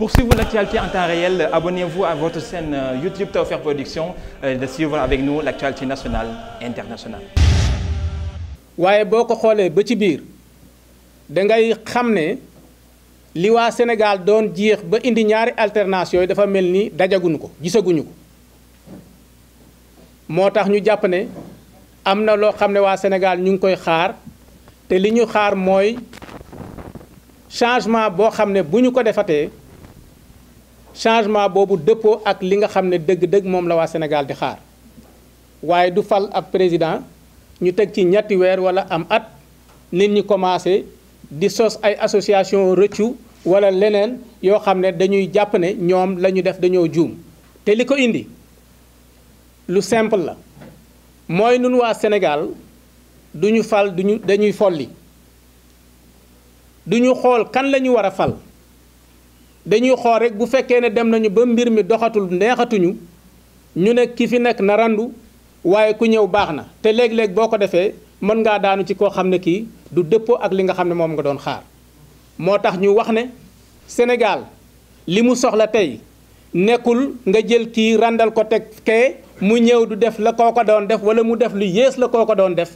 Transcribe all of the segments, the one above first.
Pour suivre l'actualité en temps réel, abonnez-vous à votre chaîne euh, YouTube Tawfekh Production et euh, de suivre avec nous l'actualité nationale et internationale. waaye boo ko xoolee ba ci biir da ngay xam ne li waa Sénégal doon jeex ba indi ñaari alternance yi dafa mel ni dajaguñu ko gisaguñu ko moo tax ñu jàpp ne am na loo xam ne waa Sénégal ñu ngi koy xaar te li ñu xaar mooy changement boo xam ne bu ñu ko defatee. changement boobu dëppoo ak li nga xam ne dëgg-dëgg moom la waa Sénégal di xaar waaye du fal ab président ñu teg ci ñetti weer wala am at nit ñi commencé di sos ay association rëccu wala leneen yoo xam ne dañuy jàpp ne ñoom la ñu def dañoo juum te li ko indi lu simple la mooy nun waa Sénégal duñu fal duñu dañuy folli du ñu xool kan la ñu war a fal dañuy xool rek bu fekkee ne dem nañu ba mbir mi doxatul neexatuñu ñu ne kii fi nekk na randu waaye ku ñëw baax na te léeg-léeg boo ko defee mën ngaa daanu ci koo xam ne kii du dëppoo ak li nga xam ne moom nga doon xaar moo tax ñu wax ne Sénégal li mu soxla tey nekkul nga jël kii randal ko teg kee mu ñëw du def la koo ko doon def wala mu def lu yées la koo ko doon def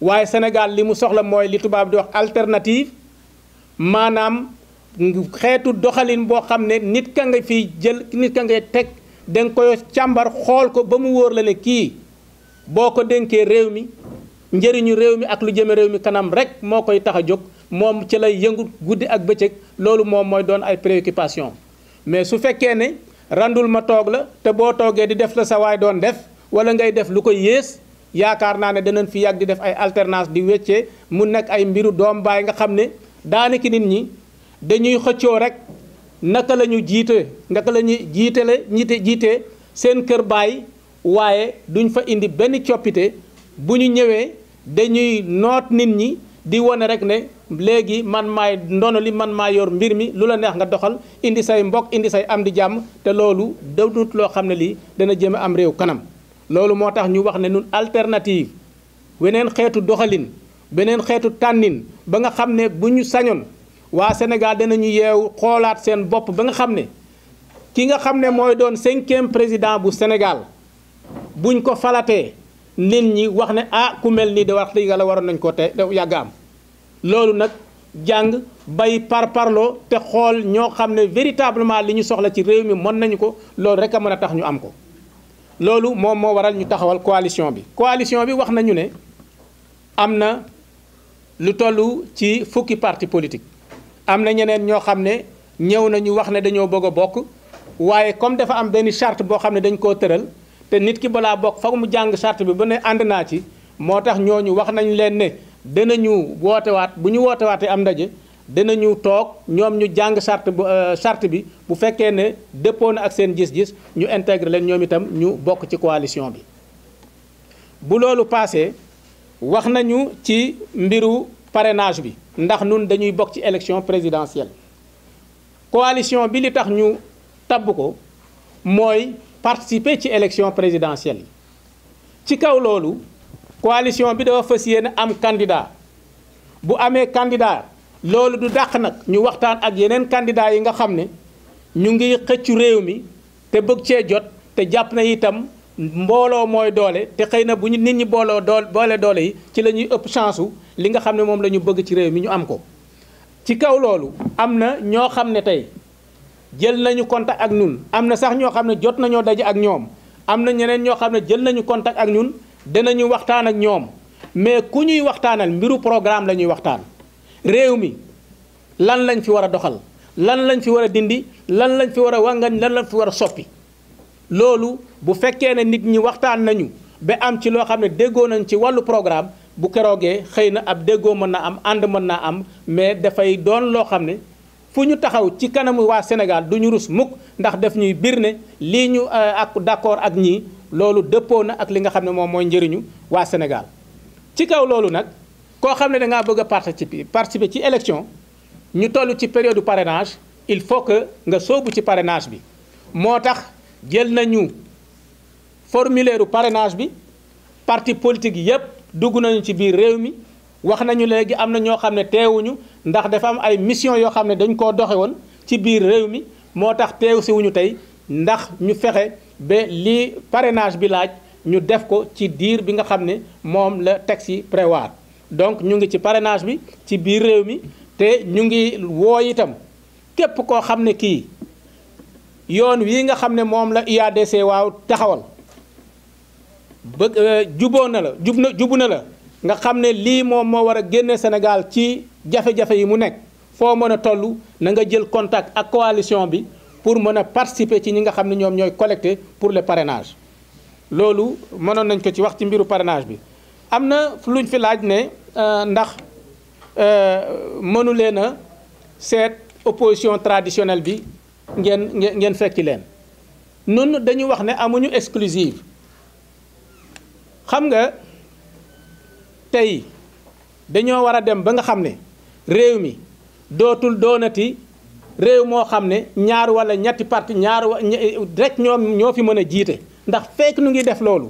waaye Sénégal li mu soxla mooy li tubaab di wax alternative maanaam xeetu doxalin boo xam ne nit ka nga fi jël nit ka nga teg da nga koy càmbar xool ko ba mu wóor la ne kii boo ko dénkee réew mi njëriñu réew mi ak lu jëme réew mi kanam rek moo koy tax a jóg moom ci lay yëngut guddi ak bëccëg loolu moom mooy doon ay préoccupation mais su fekkee ne randul ma toog la te boo toogee di def la sa waay doon def wala ngay def lu ko yées yaakaar naa ne danañ fi yàgg di def ay alternance di weccee mu nekk ay mbiru doom baay nga xam ne daanaka nit ñi dañuy xëccoo rek naka la ñu jiite naka la ñuy jiitele ñite jiite seen kër baay waaye duñ fa indi benn coppite bu ñu ñëwee dañuy noot nit ñi di wane rek ne léegi man maay ndono li man maa yor mbir mi lu la neex nga doxal indi say mbokk indi say am di jàmm te loolu dawut loo xam ne lii dana jëm am réew kanam loolu moo tax ñu wax ne nun alternative weneen xeetu doxalin beneen xeetu tànnin ba nga xam ne bu ñu sañoon waa Sénégal danañu yeew xoolaat seen bopp ba nga xam ne ki nga xam ne mooy doon cinquième président bu Sénégal buñ ko falatee nit ñi wax ne ah ku mel nii de wax dëgg yàlla waroon nañ ko te yàgg am loolu nag jàng bay par parloo te xool ñoo xam ne véritablement li ñu soxla ci réew mi mën nañu ko loolu rek a mën a tax ñu am ko loolu moom moo waral ñu taxawal coalition bi coalition bi wax nañu ne am na lu toll ci fukki parti politique am na ñeneen ñoo xam ne ñëw nañu wax ne dañoo bëgg a bokk waaye comme dafa am benn charte boo xam ne dañ koo tëral te nit ki balaa bokk foog mu jàng charte bi ba ne ànd naa ci moo tax ñooñu wax nañ leen ne danañu wootewaat bu ñu wootewaatee am ndaje danañu toog ñoom ñu jàng charte bu euh, charte bi bu fekkee ne dëppoo na ak seen gis-gis ñu integre leen ñoom itam ñu bokk ci coalition bi bu loolu paasee wax nañu ci mbiru parenage bi ndax nun dañuy bokk ci élection présidentielle coalition bi li tax ñu tabb ko mooy participer ci élection présidentielle yi ci kaw loolu coalition bi dafa fas yéene am candidat bu amee candidat loolu du dàq nag ñu waxtaan ak yeneen candidat yi nga xam ne ñu ngi xëccu réew mi te bëgg cee jot te jàpp na itam mbooloo mooy doole te xëy na bu ñu nit ñi booloo doole boole doole yi ci la ñuy ëpp chance li nga xam ne moom la ñu bëgg ci réew mi ñu am ko ci kaw loolu am na ñoo xam ne tey jël nañu contact ak ñun am na sax ñoo xam ne jot nañoo daje ak ñoom am na ñeneen ñoo xam ne jël nañu contact ak ñun dinañu waxtaan ak ñoom mais ku ñuy waxtaanal mbiru programme lañuy waxtaan réew mi lan lañ fi war a doxal lan lañ fi war a dindi lan lañ fi war a wàngañ lan lañ fi war a soppi loolu bu fekkee ne nit ñi waxtaan nañu ba am ci loo xam ne déggoo nañ ci wàllu programme bu keroogee xëy na ab déggoo mën naa am ànd mën naa am mais dafay doon loo xam ne fu ñu taxaw ci kanamu waa Sénégal du ñu rus mukk ndax def ñuy bir ne lii ñu euh, ak d'accord ak ñii loolu dëppoo na ak li nga xam ne moom mooy njëriñu waa Sénégal. ci kaw loolu nag koo xam ne da ngaa bëgg a participer participer ci élection ñu toll ci période parrainage il faut que nga soobu ci parrainage bi moo tax jël nañu formulaire parrainage bi parti politique yépp dugg nañu ci biir réew mi wax nañu léegi am na ñoo xam ne teewuñu ndax dafa am ay mission yoo xam ne dañu koo doxe woon ci biir réew mi moo tax teew si wuñu tey ndax ñu fexe ba li parenage bi laaj ñu def ko ci diir bi nga xam ne moom la texte yi préwar donc ñu ngi ci parenage bi ci biir réew mi te ñu ngi woo itam képp koo xam ne kii yoon wii nga xam ne moom la UADC waaw taxawal bëgg euh, juboo na la jub na jubu la nga xam ne lii moom moo war a génne Sénégal ci jafe-jafe yi mu nekk foo mën a toll na nga jël contact ak coalition bi pour mën a participer ci ñi nga xam ne ñoom ñooy collecter pour le parrainage loolu mënoon nañ ko ci wax ci mbiru parrainage bi am na lu luñ fi laaj ne euh, ndax euh, mënu leen a seet opposition traditionnelle bi ngeen ngeen fekki leen nun dañu wax ne amuñu exclusive xam nga tey dañoo war a dem ba nga xam ne réew mi dootul doonati réew moo xam ne ñaar wala ñetti parti ñaar rek ñoom ñoo fi mën a jiite ndax fekk nu ngi def loolu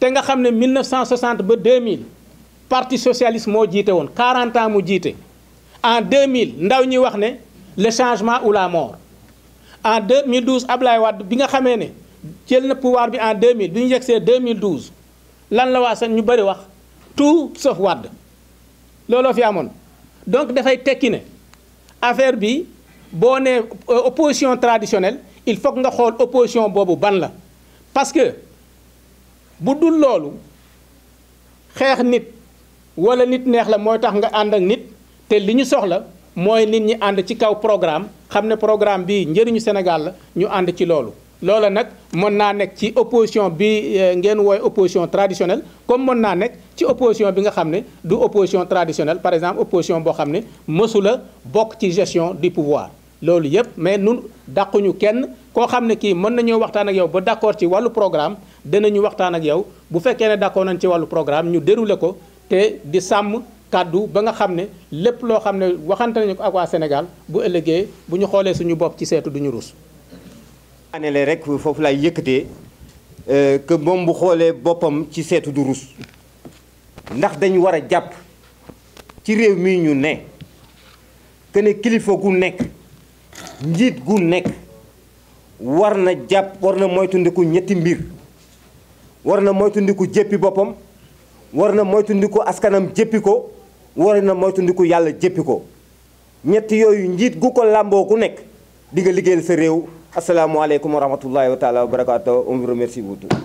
te nga xam ne 1960 ba 2000 parti socialiste moo jiite woon 40 ans mu jiite en 2000 ndaw ñi wax ne le changement ou la mort en 2012 Ablaye Wade bi nga xamee ne jël na pouvoir bi en 2000 bi ñu yegsee 2012 lan la waa san ñu bëri wax tout sauf Wade looloo fi amoon donc dafay tekki ne affaire bi boo nee euh, opposition traditionnelle il faut nga xool opposition boobu ban la parce que bu dul loolu xeex nit wala nit neex la mooy tax nga ànd ak nit te li ñu soxla mooy nit ñi ànd ci kaw programme xam ne programme bii njëriñu Sénégal la ñu ànd ci loolu loola nag mën naa nekk ci opposition bi euh, ngeen wooy opposition traditionel comme mën naa nekk ci opposition bi nga xam ne du opposition traditionnelle par exemple opposition boo xam ne mësula bokk ci gestion du pouvoir loolu yëpp mais nun dàquñu kenn koo xam ne kii mën nañoo waxtaan ak yow ba d'accord ci wàllu programme danañu waxtaan ak yow bu fekkee ne d'accord nañ ci wàllu programme ñu déroulé ko te di sàmm kàddu ba nga xam ne lépp loo xam ne waxante nañu ko ak Sénégal bu ëllëgee bu ñu xoolee suñu bopp ci seetu duñu rus anele rek foofu laay yëkkatee euh, que moom bu xoolee boppam ci seetu du rus ndax dañu war a jàpp ci réew mi ñu ne que kilifa gu nekk njiit gu nekk war na jàpp war na moytundiku ñetti mbir war na moytundiku jéppi boppam war na moytundiku askanam jéppi ko war na moytundiku yàlla jéppi ko ñetti yooyu njiit gu ko làmboo ku nekk di nga liggéeyal sa réew asalaamaaleykum wa rahmatullahi wa taala wa barakaatu on vous remercie vous tous.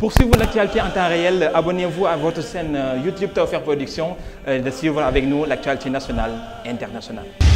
Pour suivre l'actualité en temps réel, abonnez-vous à votre chaîne euh, YouTube Tawfekh Production euh, et de suivre avec nous l'actualité nationale et internationale.